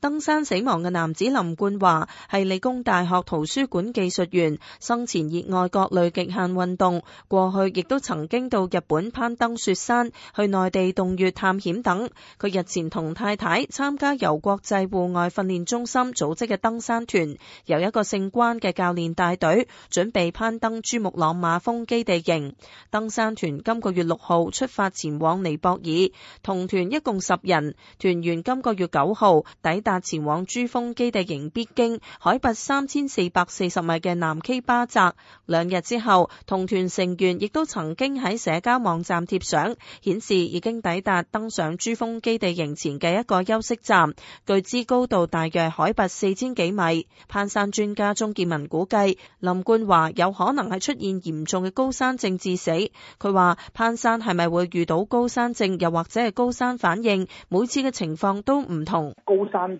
登山死亡嘅男子林冠華係理工大學圖書館技術員，生前熱愛各類極限運動，過去亦都曾經到日本攀登雪山、去內地洞穴探險等。佢日前同太太參加由國際戶外訓練中心組織嘅登山團，由一個姓關嘅教練帶隊，準備攀登珠穆朗瑪峰基地營。登山團今個月六號出發前往尼泊爾，同團一共十人，團員今個月九號抵達。前往珠峰基地營必經海拔三千四百四十米嘅南崎巴扎。兩日之後，同團成員亦都曾經喺社交網站貼相，顯示已經抵達登上珠峰基地營前嘅一個休息站。據知高度大約海拔四千幾米，攀山專家鍾建文估計林冠華有可能係出現嚴重嘅高山症致死。佢話攀山係咪會遇到高山症，又或者係高山反應，每次嘅情況都唔同。高山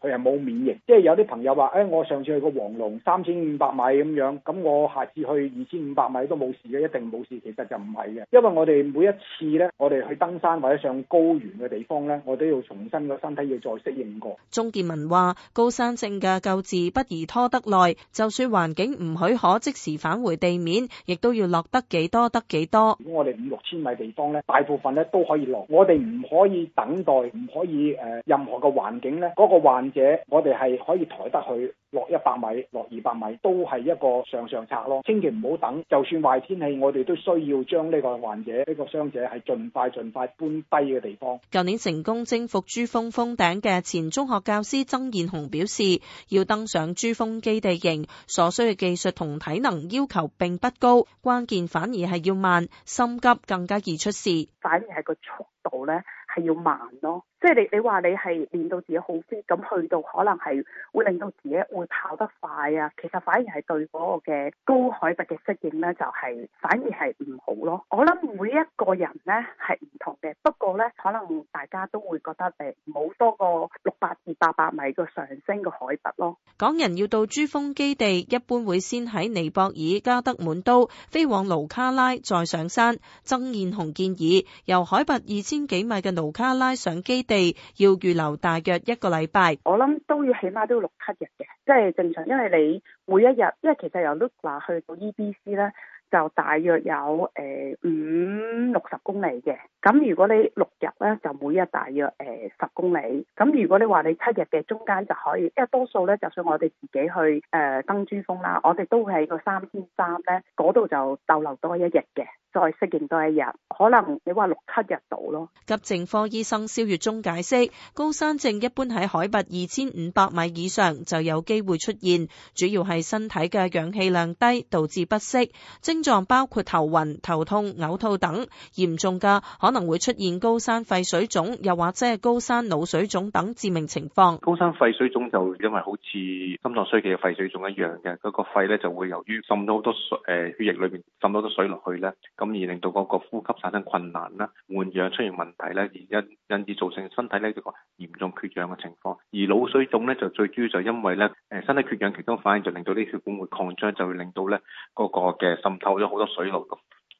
佢係冇免疫即係有啲朋友話，誒、哎，我上次去過黃龍三千五百米咁樣，咁我下次去二千五百米都冇事嘅，一定冇事。其實就唔係嘅，因為我哋每一次咧，我哋去登山或者上高原嘅地方咧，我都要重新個身體要再適應過。鍾建文話，高山症嘅救治不宜拖得耐，就算環境唔許可即時返回地面，亦都要落得幾多得幾多。咁我哋五六千米地方咧，大部分咧都可以落，我哋唔可以等待，唔可以誒、呃、任何嘅環境咧嗰、嗰個環者，我哋係可以抬得去落一百米，落二百米，都係一個上上策咯。千祈唔好等，就算壞天氣，我哋都需要將呢個患者，呢個傷者係盡快，盡快搬低嘅地方。舊年成功征服珠峰峰頂嘅前中學教師曾燕紅表示，要登上珠峰基地營所需嘅技術同體能要求並不高，關鍵反而係要慢，心急更加易出事。但係個速度咧。係要慢咯，即係你你話你係練到自己好 fit，咁去到可能係會令到自己會跑得快啊，其實反而係對嗰個嘅高海拔嘅適應呢，就係反而係唔好咯。我諗每一個人呢係唔同嘅，不過呢，可能大家都會覺得誒冇多個六百至八百米嘅上升嘅海拔咯。港人要到珠峰基地，一般會先喺尼泊爾加德滿都飛往盧卡拉再上山。曾燕紅建議由海拔二千幾米嘅。盧卡拉上基地要預留大約一個禮拜，我諗都要起碼都要六七日嘅，即係正常，因為你每一日，因為其實由盧卡拉去到 EBC 咧，就大約有誒五六十公里嘅。咁如果你六日咧，就每日大約誒十公里。咁如果你話你七日嘅中間就可以，因為多數咧就算我哋自己去誒登珠峰啦，我哋都喺個三千三咧，嗰度就逗留多一日嘅。再適應多一日，可能你話六七日到咯。急症科醫生蕭月中解釋，高山症一般喺海拔二千五百米以上就有機會出現，主要係身體嘅氧氣量低導致不適，症狀包括頭暈、頭痛、嘔吐等，嚴重嘅可能會出現高山肺水腫，又或者係高山腦水腫等致命情況。高山肺水腫就因為好似心臟衰竭嘅肺水腫一樣嘅，嗰、那個肺咧就會由於滲咗好多水誒、呃、血液裏邊滲咗多水落去咧。咁而令到嗰個呼吸產生困難啦，換氧出現問題咧，而引引致造成身體呢個嚴重缺氧嘅情況。而腦水腫咧就最主要就因為咧，誒身體缺氧，其中反應就令到啲血管會擴張，就會令到咧嗰個嘅滲透咗好多水落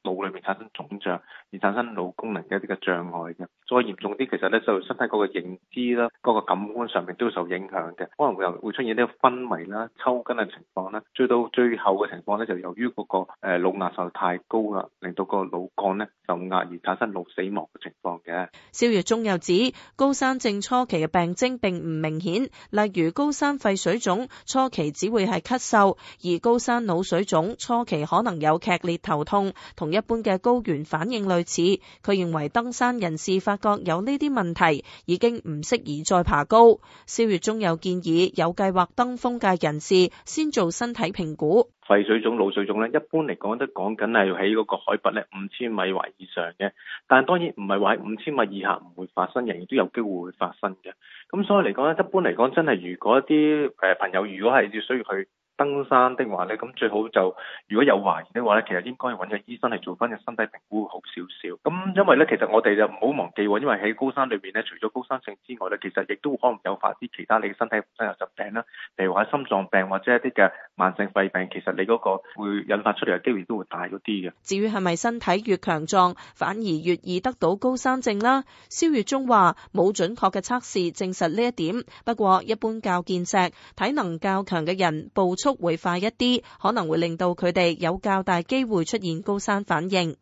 腦裏面產生腫脹，而產生腦功能嘅一啲嘅障礙嘅。再嚴重啲，其實咧就身體嗰個認知啦，嗰、嗰個感官上面都受影響嘅，可能會有會出現啲昏迷啦、抽筋嘅情況啦。追到最後嘅情況呢，就由於嗰個誒腦壓受太高啦，令到嗰個腦幹呢受壓而產生腦死亡嘅情況嘅。肖月中又指，高山症初期嘅病徵並唔明顯，例如高山肺水腫初期只會係咳嗽，而高山腦水腫初期可能有劇烈頭痛，同一般嘅高原反應類似。佢認為登山人士發各有呢啲問題，已經唔適宜再爬高。肖月中有建議，有計劃登峰嘅人士先做身體評估。肺水腫、腦水腫咧，一般嚟講，都講緊係喺嗰個海拔咧，五千米或以上嘅。但當然唔係話喺五千米以下唔會發生，人亦都有機會會發生嘅。咁所以嚟講咧，一般嚟講，真係如果啲誒朋友如果係要需要去。登山的話咧，咁最好就如果有懷疑的話咧，其實應該揾個醫生嚟做翻個身體評估好點點，好少少。咁因為咧，其實我哋就唔好忘記喎，因為喺高山裏邊咧，除咗高山症之外咧，其實亦都可能有發啲其他你身體本身有疾病啦，譬如話喺心臟病或者一啲嘅慢性肺病，其實你嗰個會引發出嚟嘅機會都會大咗啲嘅。至於係咪身體越強壯反而越易得到高山症啦？肖月忠話冇準確嘅測試證實呢一點，不過一般較健碩、體能較強嘅人，步速會快一啲，可能會令到佢哋有較大機會出現高山反應。